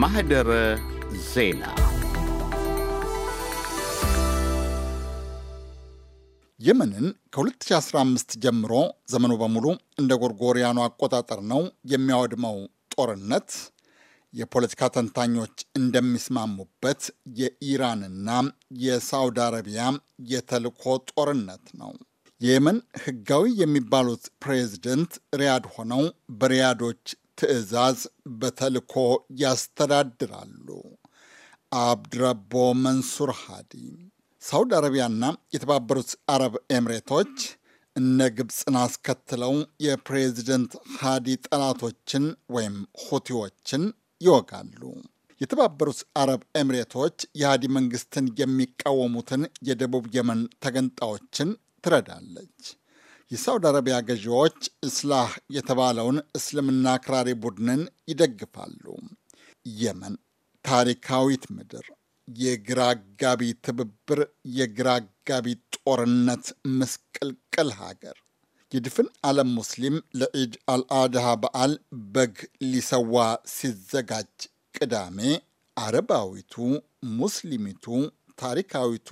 ማህደረ ዜና የመንን ከ2015 ጀምሮ ዘመኑ በሙሉ እንደ ጎርጎሪያኑ አቆጣጠር ነው የሚያወድመው ጦርነት የፖለቲካ ተንታኞች እንደሚስማሙበት የኢራንና የሳውዲ አረቢያ የተልኮ ጦርነት ነው። የየመን ህጋዊ የሚባሉት ፕሬዚደንት ሪያድ ሆነው በሪያዶች ትዕዛዝ በተልኮ ያስተዳድራሉ። አብድረቦ መንሱር ሃዲ ሳውዲ አረቢያና የተባበሩት አረብ ኤምሬቶች እነ ግብፅን አስከትለው የፕሬዚደንት ሃዲ ጠላቶችን ወይም ሁቲዎችን ይወጋሉ። የተባበሩት አረብ ኤምሬቶች የሃዲ መንግስትን የሚቃወሙትን የደቡብ የመን ተገንጣዎችን ትረዳለች። የሳውዲ አረቢያ ገዢዎች እስላህ የተባለውን እስልምና አክራሪ ቡድንን ይደግፋሉ። የመን ታሪካዊት ምድር፣ የግራጋቢ ትብብር፣ የግራጋቢ ጦርነት ምስቅልቅል ሀገር የድፍን ዓለም ሙስሊም ለኢድ አልአድሃ በዓል በግ ሊሰዋ ሲዘጋጅ ቅዳሜ አረባዊቱ ሙስሊሚቱ ታሪካዊቱ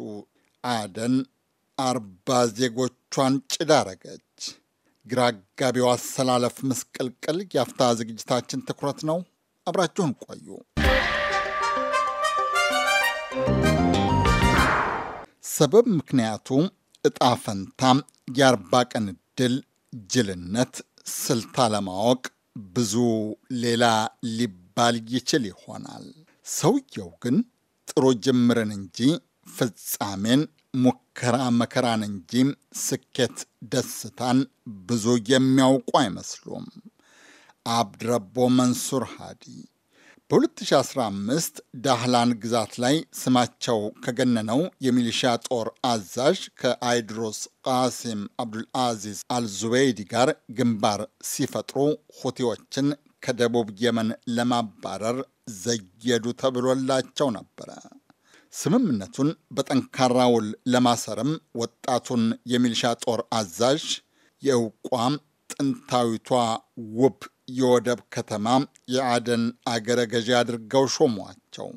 አደን አርባ ዜጎቿን ጭድ አረገች። ግራ አጋቢው አሰላለፍ ምስቅልቅል የአፍታ ዝግጅታችን ትኩረት ነው። አብራችሁን ቆዩ። ሰበብ ምክንያቱ እጣ ፈንታ፣ የአርባ ቀን እድል፣ ጅልነት፣ ስልት አለማወቅ፣ ብዙ ሌላ ሊባል ይችል ይሆናል። ሰውየው ግን ጥሩ ጅምርን እንጂ ፍጻሜን ሙከራ መከራን እንጂ ስኬት ደስታን ብዙ የሚያውቁ አይመስሉም። አብድረቦ መንሱር ሃዲ በ2015 ዳህላን ግዛት ላይ ስማቸው ከገነነው የሚሊሻ ጦር አዛዥ ከአይድሮስ ቃሲም አብዱልአዚዝ አልዙበይዲ ጋር ግንባር ሲፈጥሩ ሁቲዎችን ከደቡብ የመን ለማባረር ዘየዱ ተብሎላቸው ነበረ። ስምምነቱን በጠንካራ ውል ለማሰርም ወጣቱን የሚልሻ ጦር አዛዥ የእውቋም ጥንታዊቷ ውብ የወደብ ከተማ የአደን አገረ ገዢ አድርገው ሾሟቸው።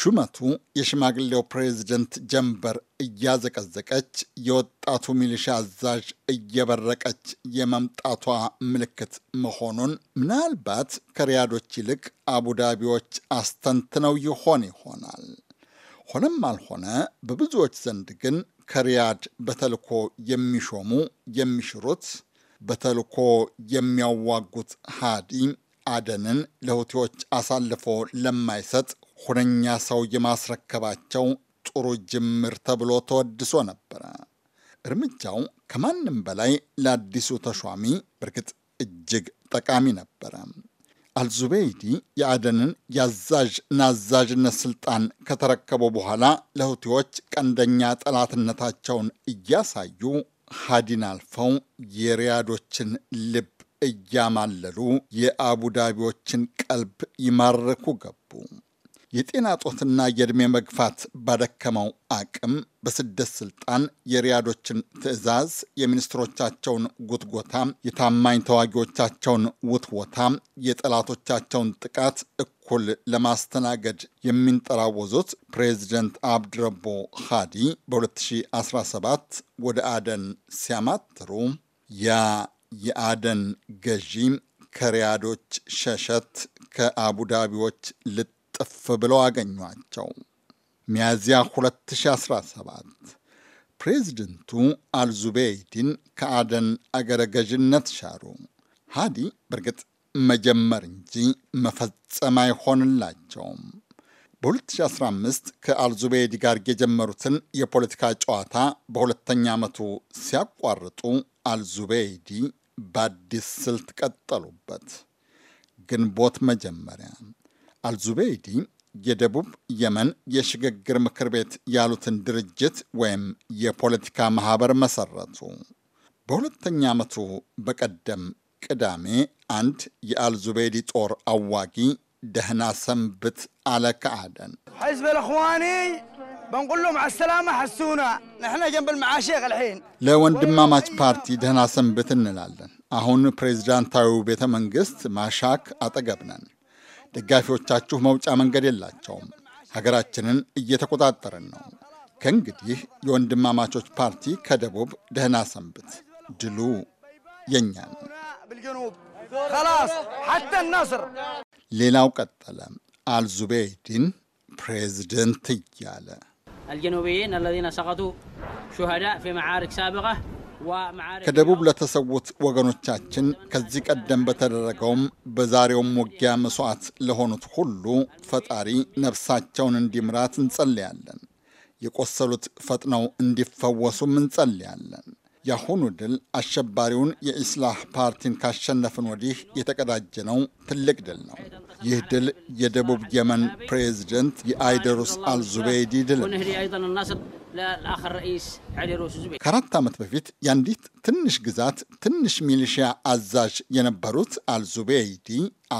ሹመቱ የሽማግሌው ፕሬዝደንት ጀንበር እያዘቀዘቀች የወጣቱ ሚሊሻ አዛዥ እየበረቀች የመምጣቷ ምልክት መሆኑን ምናልባት ከሪያዶች ይልቅ አቡዳቢዎች አስተንትነው ይሆን ይሆናል። ሆነም አልሆነ በብዙዎች ዘንድ ግን ከሪያድ በተልኮ የሚሾሙ የሚሽሩት በተልኮ የሚያዋጉት ሃዲ አደንን ለሁቲዎች አሳልፎ ለማይሰጥ ሁነኛ ሰው የማስረከባቸው ጥሩ ጅምር ተብሎ ተወድሶ ነበረ። እርምጃው ከማንም በላይ ለአዲሱ ተሿሚ በእርግጥ እጅግ ጠቃሚ ነበረ። አልዙበይዲ የአደንን የአዛዥ ናዛዥነት ስልጣን ከተረከቡ በኋላ ለሁቲዎች ቀንደኛ ጠላትነታቸውን እያሳዩ ሀዲን አልፈው የሪያዶችን ልብ እያማለሉ የአቡዳቢዎችን ቀልብ ይማርኩ ገቡ። የጤና ጦትና የዕድሜ መግፋት ባደከመው አቅም በስደት ስልጣን የሪያዶችን ትዕዛዝ፣ የሚኒስትሮቻቸውን ጉትጎታ፣ የታማኝ ተዋጊዎቻቸውን ውትወታ፣ የጠላቶቻቸውን ጥቃት እኩል ለማስተናገድ የሚንጠራወዙት ፕሬዚደንት አብድረቦ ሃዲ በ2017 ወደ አደን ሲያማትሩ ያ የአደን ገዢ ከሪያዶች ሸሸት ከአቡዳቢዎች ልት እጥፍ ብለው አገኟቸው። ሚያዚያ 2017 ፕሬዚደንቱ አልዙቤይዲን ከአደን አገረ ገዥነት ሻሩ። ሃዲ በእርግጥ መጀመር እንጂ መፈጸም አይሆንላቸውም። በ2015 ከአልዙቤይዲ ጋር የጀመሩትን የፖለቲካ ጨዋታ በሁለተኛ ዓመቱ ሲያቋርጡ አልዙቤይዲ በአዲስ ስልት ቀጠሉበት። ግንቦት መጀመሪያ አልዙበይዲ የደቡብ የመን የሽግግር ምክር ቤት ያሉትን ድርጅት ወይም የፖለቲካ ማህበር መሰረቱ። በሁለተኛ ዓመቱ በቀደም ቅዳሜ አንድ የአልዙበይዲ ጦር አዋጊ ደህና ሰንብት አለ ከአደን ሕዝብ ልኽዋኒ በንቁሎም አሰላማ ሐሱና ንሕና ጀንበል መዓሼ ልሒን ለወንድማማች ፓርቲ ደህና ሰንብት እንላለን። አሁን ፕሬዚዳንታዊ ቤተ መንግሥት ማሻክ አጠገብ ነን። ደጋፊዎቻችሁ መውጫ መንገድ የላቸውም። ሀገራችንን እየተቆጣጠረን ነው። ከእንግዲህ የወንድማማቾች ፓርቲ ከደቡብ ደህና ሰንብት። ድሉ የኛ ነው። ሌላው ቀጠለ። አልዙቤይዲን ፕሬዝደንት እያለ الجنوبيين አለዚነ ሰቀቱ ሹሃዳ ፊ መዓርክ ሳቢቃ ከደቡብ ለተሰዉት ወገኖቻችን ከዚህ ቀደም በተደረገውም በዛሬውም ውጊያ መስዋዕት ለሆኑት ሁሉ ፈጣሪ ነፍሳቸውን እንዲምራት እንጸልያለን። የቆሰሉት ፈጥነው እንዲፈወሱም እንጸልያለን። የአሁኑ ድል አሸባሪውን የኢስላህ ፓርቲን ካሸነፍን ወዲህ የተቀዳጀነው ትልቅ ድል ነው። ይህ ድል የደቡብ የመን ፕሬዚደንት የአይደሩስ አልዙቤይዲ ድል ነው። ከአራት ዓመት በፊት የአንዲት ትንሽ ግዛት ትንሽ ሚሊሺያ አዛዥ የነበሩት አልዙቤይዲ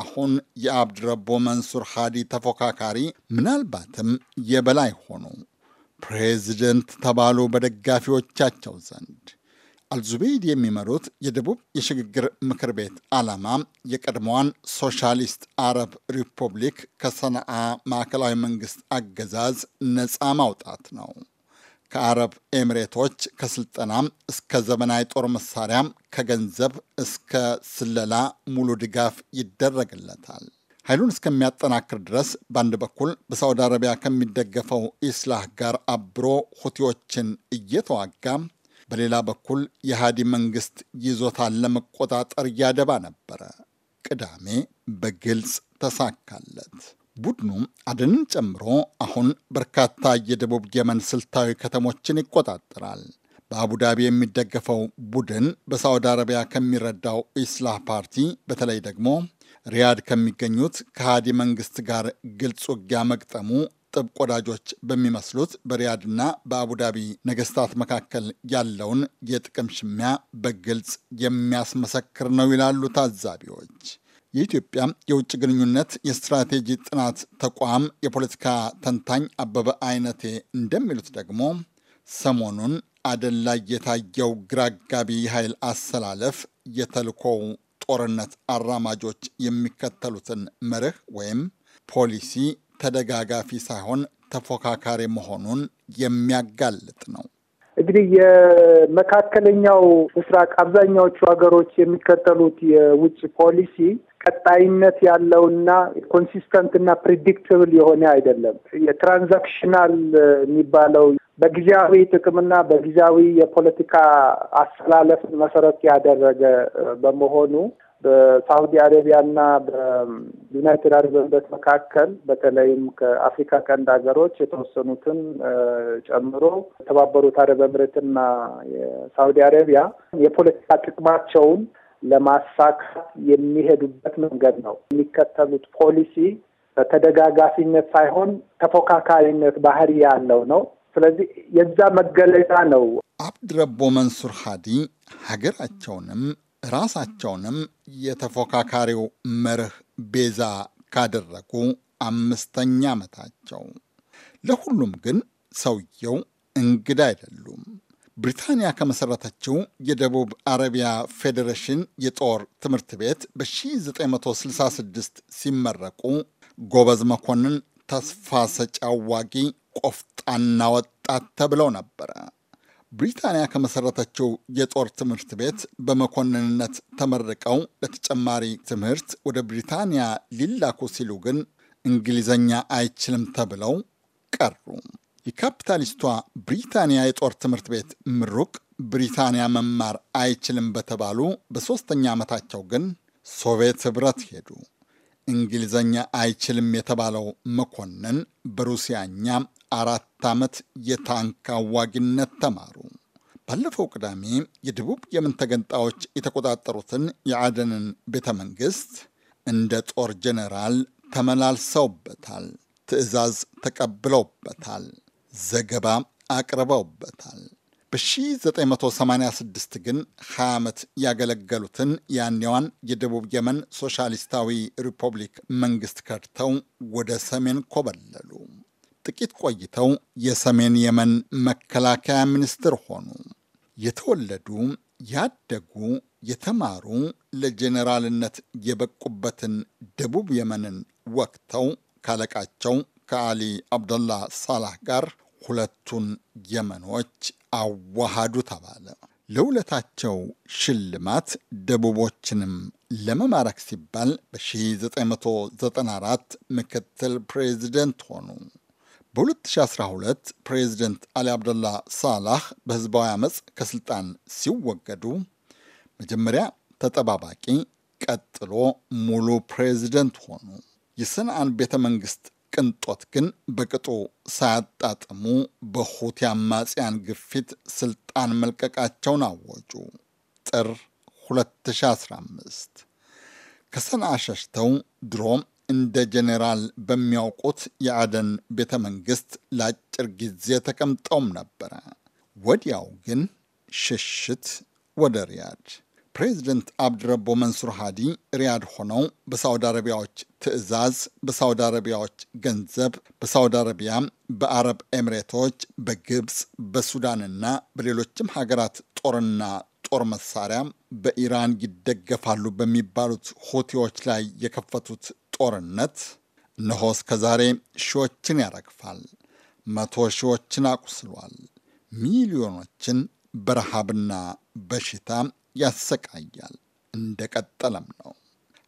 አሁን የአብድረቦ መንሱር ሃዲ ተፎካካሪ ምናልባትም የበላይ ሆኑ። ፕሬዚደንት ተባሉ በደጋፊዎቻቸው ዘንድ። አልዙቤይድ የሚመሩት የደቡብ የሽግግር ምክር ቤት ዓላማ የቀድሞዋን ሶሻሊስት አረብ ሪፑብሊክ ከሰነአ ማዕከላዊ መንግስት አገዛዝ ነፃ ማውጣት ነው። ከአረብ ኤሚሬቶች ከስልጠና እስከ ዘመናዊ ጦር መሳሪያ ከገንዘብ እስከ ስለላ ሙሉ ድጋፍ ይደረግለታል። ኃይሉን እስከሚያጠናክር ድረስ በአንድ በኩል በሳውዲ አረቢያ ከሚደገፈው ኢስላህ ጋር አብሮ ሁቲዎችን እየተዋጋ በሌላ በኩል የሃዲ መንግስት ይዞታን ለመቆጣጠር ያደባ ነበረ። ቅዳሜ በግልጽ ተሳካለት። ቡድኑ አደንን ጨምሮ አሁን በርካታ የደቡብ የመን ስልታዊ ከተሞችን ይቆጣጠራል። በአቡዳቢ የሚደገፈው ቡድን በሳውዲ አረቢያ ከሚረዳው ኢስላህ ፓርቲ በተለይ ደግሞ ሪያድ ከሚገኙት ከሃዲ መንግስት ጋር ግልጽ ውጊያ መግጠሙ ጥብቅ ወዳጆች በሚመስሉት በሪያድና በአቡዳቢ ነገስታት መካከል ያለውን የጥቅም ሽሚያ በግልጽ የሚያስመሰክር ነው ይላሉ ታዛቢዎች። የኢትዮጵያ የውጭ ግንኙነት የስትራቴጂ ጥናት ተቋም የፖለቲካ ተንታኝ አበበ አይነቴ እንደሚሉት ደግሞ ሰሞኑን አደን ላይ የታየው ግራጋቢ ኃይል አሰላለፍ የተልኮው ጦርነት አራማጆች የሚከተሉትን መርህ ወይም ፖሊሲ ተደጋጋፊ ሳይሆን ተፎካካሪ መሆኑን የሚያጋልጥ ነው። እንግዲህ የመካከለኛው ምስራቅ አብዛኛዎቹ ሀገሮች የሚከተሉት የውጭ ፖሊሲ ቀጣይነት ያለውና ኮንሲስተንት እና ፕሪዲክትብል የሆነ አይደለም። የትራንዛክሽናል የሚባለው በጊዜያዊ ጥቅምና በጊዜያዊ የፖለቲካ አሰላለፍ መሰረት ያደረገ በመሆኑ በሳውዲ አረቢያና በዩናይትድ አረብ ኤምሬት መካከል በተለይም ከአፍሪካ ቀንድ ሀገሮች የተወሰኑትን ጨምሮ የተባበሩት አረብ ኤምሬትና የሳውዲ አረቢያ የፖለቲካ ጥቅማቸውን ለማሳካት የሚሄዱበት መንገድ ነው። የሚከተሉት ፖሊሲ በተደጋጋፊነት ሳይሆን ተፎካካሪነት ባህሪ ያለው ነው። ስለዚህ የዛ መገለጫ ነው። አብድረቦ መንሱር ሀዲ ሀገራቸውንም ራሳቸውንም የተፎካካሪው መርህ ቤዛ ካደረጉ አምስተኛ ዓመታቸው። ለሁሉም ግን ሰውየው እንግዳ አይደሉም። ብሪታንያ ከመሠረተችው የደቡብ አረቢያ ፌዴሬሽን የጦር ትምህርት ቤት በ1966 ሲመረቁ ጎበዝ መኮንን፣ ተስፋ ሰጪ አዋጊ፣ ቆፍጣና ወጣት ተብለው ነበረ። ብሪታንያ ከመሰረተችው የጦር ትምህርት ቤት በመኮንንነት ተመርቀው ለተጨማሪ ትምህርት ወደ ብሪታንያ ሊላኩ ሲሉ ግን እንግሊዘኛ አይችልም ተብለው ቀሩ። የካፒታሊስቷ ብሪታንያ የጦር ትምህርት ቤት ምሩቅ ብሪታንያ መማር አይችልም በተባሉ በሦስተኛ ዓመታቸው ግን ሶቪየት ኅብረት ሄዱ። እንግሊዘኛ አይችልም የተባለው መኮንን በሩሲያኛ አራት ዓመት የታንክ አዋጊነት ተማሩ። ባለፈው ቅዳሜ የደቡብ የመን ተገንጣዮች የተቆጣጠሩትን የአደንን ቤተ መንግሥት እንደ ጦር ጀኔራል ተመላልሰውበታል። ትዕዛዝ ተቀብለውበታል። ዘገባ አቅርበውበታል። በ1986 ግን 20 ዓመት ያገለገሉትን ያኔዋን የደቡብ የመን ሶሻሊስታዊ ሪፐብሊክ መንግሥት ከድተው ወደ ሰሜን ኮበለሉ። ጥቂት ቆይተው የሰሜን የመን መከላከያ ሚኒስትር ሆኑ። የተወለዱ ያደጉ፣ የተማሩ ለጄኔራልነት የበቁበትን ደቡብ የመንን ወቅተው ካለቃቸው ከአሊ አብደላ ሳላህ ጋር ሁለቱን የመኖች አዋሃዱ ተባለ። ለውለታቸው ሽልማት ደቡቦችንም ለመማረክ ሲባል በ1994 ምክትል ፕሬዚደንት ሆኑ። በ2012 ፕሬዚደንት አሊ አብደላ ሳላህ በህዝባዊ አመፅ ከስልጣን ሲወገዱ መጀመሪያ ተጠባባቂ፣ ቀጥሎ ሙሉ ፕሬዚደንት ሆኑ። የሰንአን ቤተ መንግስት ቅንጦት ግን በቅጡ ሳያጣጥሙ በሁቲ አማጽያን ግፊት ስልጣን መልቀቃቸውን አወጁ። ጥር 2015 ከሰንአ ሸሽተው ድሮም እንደ ጄኔራል በሚያውቁት የአደን ቤተ መንግስት ለአጭር ጊዜ ተቀምጠውም ነበረ። ወዲያው ግን ሽሽት ወደ ሪያድ። ፕሬዚደንት አብድረቦ መንሱር ሃዲ ሪያድ ሆነው በሳውዲ አረቢያዎች ትዕዛዝ፣ በሳውዲ አረቢያዎች ገንዘብ፣ በሳውዲ አረቢያ፣ በአረብ ኤሚሬቶች፣ በግብፅ፣ በሱዳንና በሌሎችም ሀገራት ጦርና ጦር መሳሪያ በኢራን ይደገፋሉ በሚባሉት ሆቴዎች ላይ የከፈቱት ጦርነት እነሆ እስከ ዛሬ ሺዎችን ያረግፋል፣ መቶ ሺዎችን አቁስሏል፣ ሚሊዮኖችን በረሃብና በሽታ ያሰቃያል። እንደቀጠለም ነው።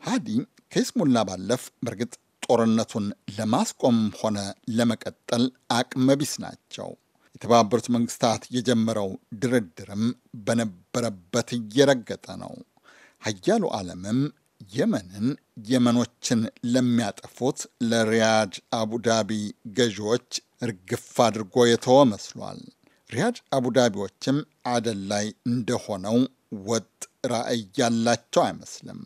ሃዲ ከይስሙላ ባለፍ በእርግጥ ጦርነቱን ለማስቆም ሆነ ለመቀጠል አቅመ ቢስ ናቸው። የተባበሩት መንግስታት የጀመረው ድርድርም በነበረበት እየረገጠ ነው። ሀያሉ ዓለምም የመንን የመኖችን ለሚያጠፉት ለሪያድ አቡዳቢ ገዢዎች እርግፍ አድርጎ የተወ መስሏል። ሪያድ አቡዳቢዎችም አደን ላይ እንደሆነው ወጥ ራዕይ ያላቸው አይመስልም።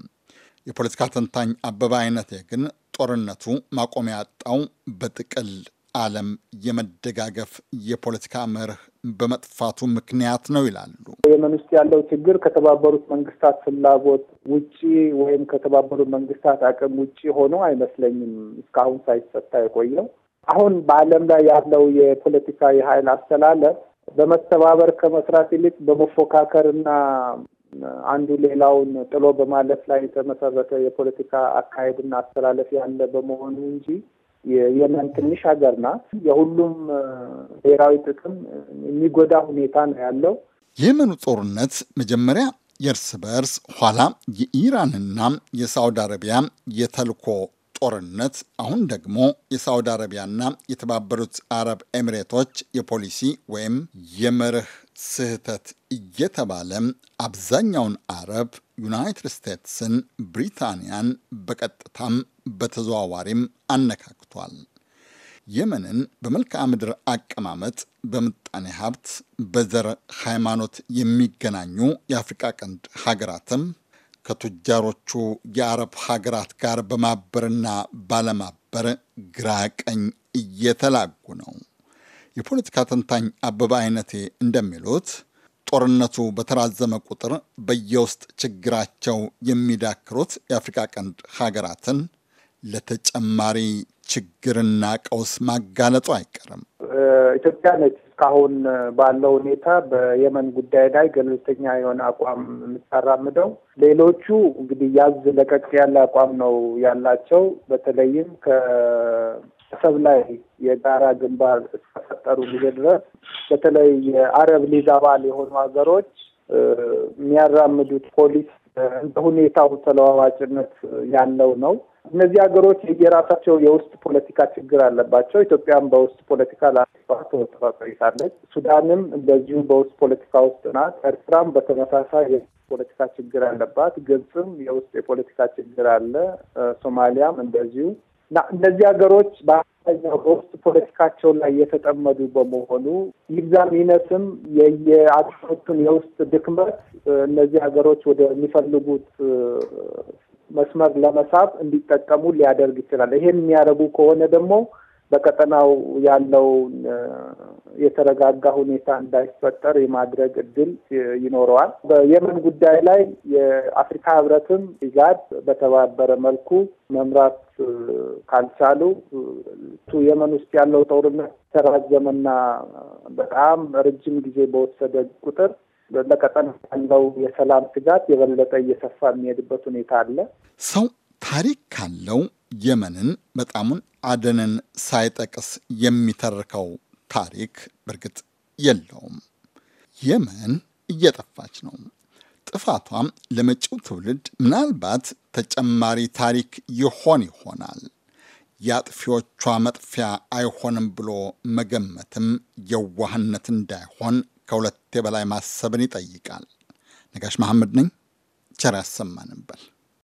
የፖለቲካ ተንታኝ አበበ አይነቴ ግን ጦርነቱ ማቆሚያ ያጣው በጥቅል ዓለም የመደጋገፍ የፖለቲካ መርህ በመጥፋቱ ምክንያት ነው ይላሉ። የመን ውስጥ ያለው ችግር ከተባበሩት መንግስታት ፍላጎት ውጪ ወይም ከተባበሩት መንግስታት አቅም ውጪ ሆኖ አይመስለኝም እስካሁን ሳይፈታ የቆየው። አሁን በዓለም ላይ ያለው የፖለቲካ የኃይል አስተላለፍ በመተባበር ከመስራት ይልቅ በመፎካከር እና አንዱ ሌላውን ጥሎ በማለፍ ላይ የተመሰረተ የፖለቲካ አካሄድና አስተላለፍ ያለ በመሆኑ እንጂ የየመን ትንሽ ሀገር ናት። የሁሉም ብሔራዊ ጥቅም የሚጎዳ ሁኔታ ነው ያለው። የመኑ ጦርነት መጀመሪያ የእርስ በእርስ ኋላ የኢራንና የሳውዲ አረቢያ የተልኮ ጦርነት አሁን ደግሞ የሳውዲ አረቢያና የተባበሩት አረብ ኤሚሬቶች የፖሊሲ ወይም የመርህ ስህተት እየተባለ አብዛኛውን አረብ ዩናይትድ ስቴትስን፣ ብሪታንያን በቀጥታም በተዘዋዋሪም አነካክሉ ተመልክቷል። የመንን በመልክዓ ምድር አቀማመጥ፣ በምጣኔ ሀብት፣ በዘር ሃይማኖት የሚገናኙ የአፍሪቃ ቀንድ ሀገራትም ከቱጃሮቹ የአረብ ሀገራት ጋር በማበርና ባለማበር ግራ ቀኝ እየተላጉ ነው። የፖለቲካ ተንታኝ አበበ አይነቴ እንደሚሉት ጦርነቱ በተራዘመ ቁጥር በየውስጥ ችግራቸው የሚዳክሩት የአፍሪካ ቀንድ ሀገራትን ለተጨማሪ ችግርና ቀውስ ማጋለጡ አይቀርም። ኢትዮጵያ ነች እስካሁን ባለው ሁኔታ በየመን ጉዳይ ላይ ገለልተኛ የሆነ አቋም የምታራምደው። ሌሎቹ እንግዲህ ያዝ ለቀቅ ያለ አቋም ነው ያላቸው። በተለይም ከአሰብ ላይ የጋራ ግንባር እስከፈጠሩ ጊዜ ድረስ በተለይ የአረብ ሊግ አባል የሆኑ ሀገሮች የሚያራምዱት ፖሊስ ሁኔታው ተለዋዋጭነት ያለው ነው። እነዚህ ሀገሮች የራሳቸው የውስጥ ፖለቲካ ችግር አለባቸው። ኢትዮጵያም በውስጥ ፖለቲካ ለአባ ተወጥራ ሱዳንም እንደዚሁ በውስጥ ፖለቲካ ውስጥ ናት። ኤርትራም በተመሳሳይ የውስጥ ፖለቲካ ችግር አለባት። ግብፅም የውስጥ የፖለቲካ ችግር አለ። ሶማሊያም እንደዚሁ እና እነዚህ ሀገሮች በአብዛኛው በውስጥ ፖለቲካቸው ላይ የተጠመዱ በመሆኑ ይብዛም ይነስም የየአገሮቹን የውስጥ ድክመት እነዚህ ሀገሮች ወደሚፈልጉት መስመር ለመሳብ እንዲጠቀሙ ሊያደርግ ይችላል። ይሄን የሚያደርጉ ከሆነ ደግሞ በቀጠናው ያለው የተረጋጋ ሁኔታ እንዳይፈጠር የማድረግ እድል ይኖረዋል። በየመን ጉዳይ ላይ የአፍሪካ ህብረትም ኢጋድ በተባበረ መልኩ መምራት ካልቻሉ የመን ውስጥ ያለው ጦርነት ተራዘመና በጣም ረጅም ጊዜ በወሰደ ቁጥር በቀጠና ያለው የሰላም ስጋት የበለጠ እየሰፋ የሚሄድበት ሁኔታ አለ። ሰው ታሪክ ካለው የመንን በጣሙን አደንን ሳይጠቅስ የሚተርከው ታሪክ በእርግጥ የለውም። የመን እየጠፋች ነው። ጥፋቷም ለመጪው ትውልድ ምናልባት ተጨማሪ ታሪክ ይሆን ይሆናል። የአጥፊዎቿ መጥፊያ አይሆንም ብሎ መገመትም የዋህነት እንዳይሆን ከሁለቴ በላይ ማሰብን ይጠይቃል። ነጋሽ መሐመድ ነኝ። ቸር ያሰማንበል።